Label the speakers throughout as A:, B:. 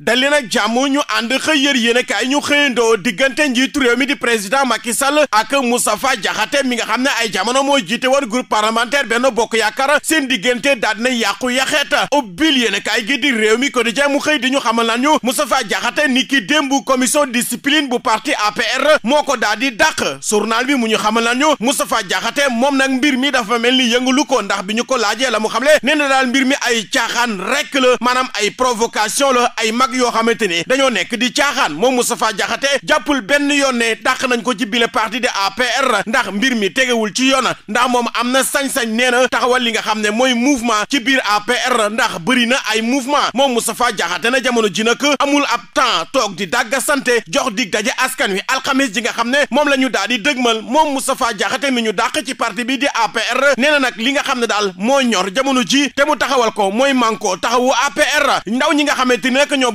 A: dali nag jàmm ñu ànd xëy yër yéen kaay ñu xëyandoo diggante njiitu réew mi di président Macky Sall ak Moustapha Diakhaté mi nga xam ne ay jamono moo jiite woon groupe parlementaire benn bokk yaakaar seen diggante daal na yàqu yaxeet ubbil yéen kaay gi di réew mi quotidien mu xëy di ñu xamal nañu ñu Moustapha Diakhaté ni ki démb commission discipline bu parti APR moo ko daal di dàq journal bi mu ñu xam xamal nañu Moustapha Diakhaté moom nag mbir mi dafa mel ni yëngalu ko ndax bi ñu ko laajee la mu xamle nee na daal mbir mi ay caaxaan rek la maanaam ay provocation la ay mag mag yoo xamante ni dañoo nekk di caaxaan moom Moustapha Diakhaté jàppul benn yoon ne dàq nañ ko ci bile parti de APR ndax mbir mi tegewul ci yoon ndax moom am na sañ-sañ nee na taxawal li nga xam ne mooy mouvement ci biir APR ndax bëri na ay mouvement moom Moustapha Diakhaté na jamono ji nag amul ab temps toog di dagga sante jox dig daje askan wi alxamis ji nga xam ne moom la ñu daal di dëgmal moom Moustapha Diakhaté mi ñu dàq ci parti bii di APR nee na nag li nga xam ne daal moo ñor jamono ji te mu taxawal ko mooy manko taxawu APR ndaw ñi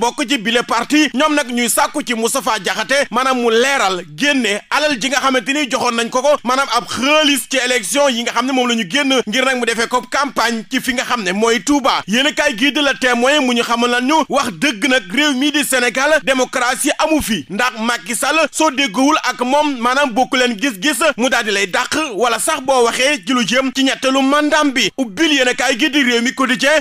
A: bokk ci bile parti ñoom nag ñuy sàkku ci Moustapha Diakhaté maanaam mu leeral génne alal ji nga xamante ni joxoon nañ ko ko maanaam ab xaalis ci élection yi nga xam ne moom la ñu génn ngir nag mu defee ko campagne ci fi nga xam ne mooy Touba yéen a kaay gii di la témoin mu ñu xamal lan ñu wax dëgg nag réew mii di Sénégal démocratie amu fi ndax Macky Sall soo déggowul ak moom maanaam bokku leen gis-gis mu daal di lay dàq wala sax boo waxee ci lu jëm ci ñetteelu mandaam bi ubbil yéen a kaay gii di réew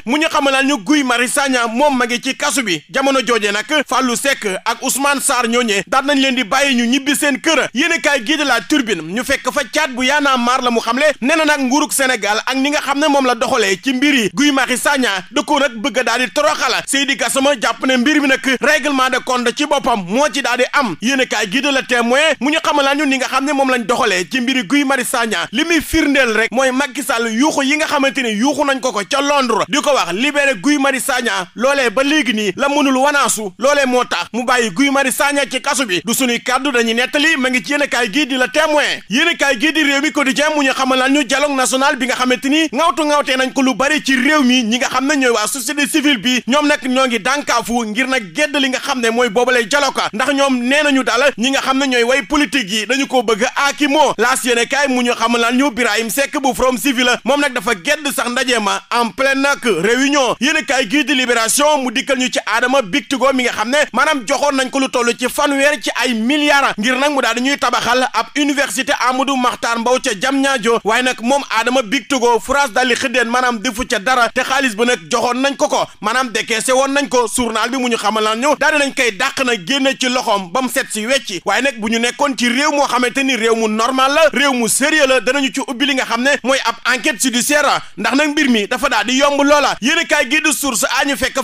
A: ñu xamal lan ñu Guy Marius Sagna moom ma ngi ci kasu bi jamono jooje nag Fallou Seck ak Ousmane Sarr ñooñee daan nañ leen di bàyyi ñu ñibbi seen kër yéen kaay gii de la turbine ñu fekk fa caat bu yaanaa maar la mu xamle nee na nag nguurug Sénégal ak ni nga xam ne moom la doxalee ci mbir yi Guy Marius Sagna da koo nag bëgg daal di toroxala Seydi Gassama jàpp ne mbir mi nag règlement de compte ci boppam moo ci daal di am yéen kaay gii de la mu ñu xamalaan ñu ni nga xam ne moom lañ doxalee ci mbiri Guy Marius Sagna li muy firndeel rek mooy Macky Sall yuuxu yi nga xamante ni yuuxu nañ ko ko ca Londres di ko wax libéré Guy Marius Sagna loolee léegi nii la wanaasu loolee moo tax mu bàyyi Guy Marius Sagna ci kasu bi du sunuy kàddu dañuy nettali ma ngi ci yéenekaay gii la témoin yéenekaay gii di réew mi quotidien mu ñu xamal lan ñu dialogue national bi nga xamante ni ŋawtu ŋawtee nañ ko lu bari ci réew mi ñi nga xam ne ñooy waa société civile bi ñoom nag ñoo gi dànkaafu ngir nag gedd li nga xam ne mooy boobalee dialogue ndax ñoom nee nañu daal ñi nga xam ne ñooy way politique yi dañu ko bëgg aaki moo laas yéenekaay mu ñu xam lan ñu Birahim Seck bu Forum Civil moom nag dafa gedd sax ndaje ma en pleine nag réunion yéenekaay gii di libération mu dikkal ñu ci Adama gannaaw Bictigo mi nga xam ne maanaam joxoon nañ ko lu toll ci fanweer ci ay milliards ngir nag mu daal di ñuy tabaxal ab université Amadou Mahtar Mbow ca Diamniadio waaye nag moom Adama Bictigo France daal di xëddeen maanaam defu ca dara te xaalis bu nag joxoon nañ ko ko maanaam décaissé woon nañ ko journal bi mu ñu xamal laan ñëw daal di nañ koy dàq na génne ci loxoom ba mu set si wecci waaye nag bu ñu nekkoon ci réew moo xamante ni réew mu normal la réew mu sérieux danañu ci ubbi li nga xam ne mooy ab enquête judiciaire ndax nag mbir mi dafa daal di yomb loola yéen a kaay gi di source añu fekk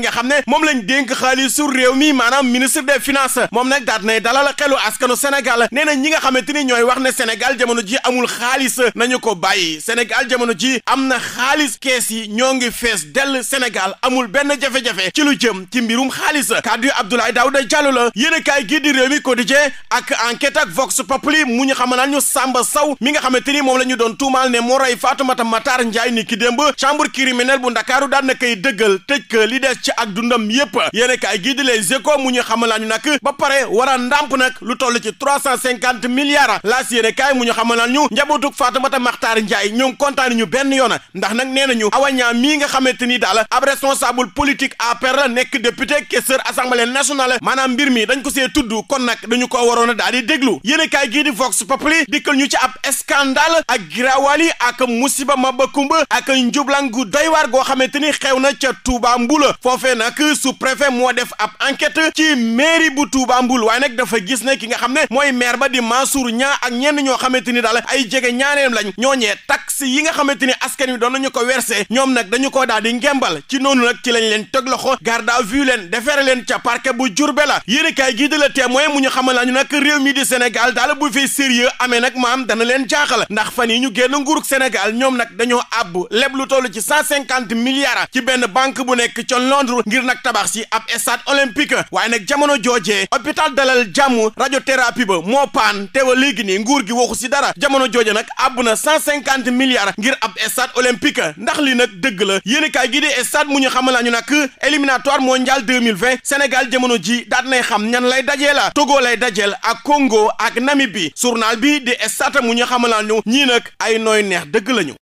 A: mi nga xam ne moom lañ dénk xaalisu réew mi maanaam ministre des finances moom nag daat nay dalal xelu askanu Sénégal nee na ñi nga xam xamante ni ñooy wax ne Sénégal jamono ji amul xaalis nañu ko bàyyi Sénégal jamono ji am na xaalis kees yi ñoo ngi fees dell Sénégal amul benn jafe-jafe ci lu jëm ci mbirum xaalis kàddu yi Abdoulaye Daouda Diallo la yéen a kaay gii di réew mi quotidien ak enquête ak Vox mu ñu xamal ñu Samba saw mi nga xamante ni moom la ñu doon tuumaal ne moo rey Fatoumata Matar Ndiaye ni ki démb chambre criminelle bu ci ak dundam yépp yéen kaay gii di Les Échos mu ñu xamal ñu nag ba pare war a ndàmp nag lu toll ci trois cent cinquante milliards laas yéen kaay mu ñu xamal ñu njabootug Fatoumata Makhtar Ndiaye ñoom kontaan ñu benn yoon ndax nag nee nañu awañaa mii nga xamante ni daal ab responsable politique APR la nekk député questeur assemblée nationale maanaam mbir mi dañ ko see tudd kon nag dañu ko waroon a daal di déglu yéen kaay gii di Vox Populi dikkal ñu ci ab scandale ak giraawali ak musiba mabakumba ak njublangu doy waar goo xamante ni xew na ca Touba Mbula foofu foofee nag sous-préfet moo def ab enquête ci mairie bu Touba Mboul waaye nag dafa gis ne ki nga xam ne mooy maire ba di Mansour Niang ak ñenn ñoo xamante ni daal ay jege ñaaneem lañ ñooñee takk taxe yi nga xamante ni askan wi doon nañu ko versé ñoom nag dañu ko daal di ngembal ci noonu nag ci lañ leen teg loxo garde à vue leen defeere leen ca parquet bu Diourbel la yéenekaay gii di la témoin mu ñu xamal nañu nag réew mi di Sénégal daal bu fi sérieux amee nag maam dana leen jaaxal ndax fan yi ñu génn nguurug Sénégal ñoom nag dañoo àbb leb lu toll ci cent cinquante milliards ci benn banque bu nekk ca Londres ngir nag tabax si ab stade olympique waaye nag jamono joojee hôpital dalal jàmm radiothérapie ba moo paan teewa léegi nii nguur gi si dara jamono jooje nag àbb na cent cinquante milliards milliards ngir ab stade olympique ndax li nag dëgg la yéenekaay gi di stade mu ñu xamal la ñu nag éliminatoire mondial 2020 Sénégal jamono ji daat nay xam ñan lay dajee la Togo lay dajeel ak Congo ak Namibie journal bi di stade mu ñu xamal la ñu ñii nag ay nooy neex dëgg lañu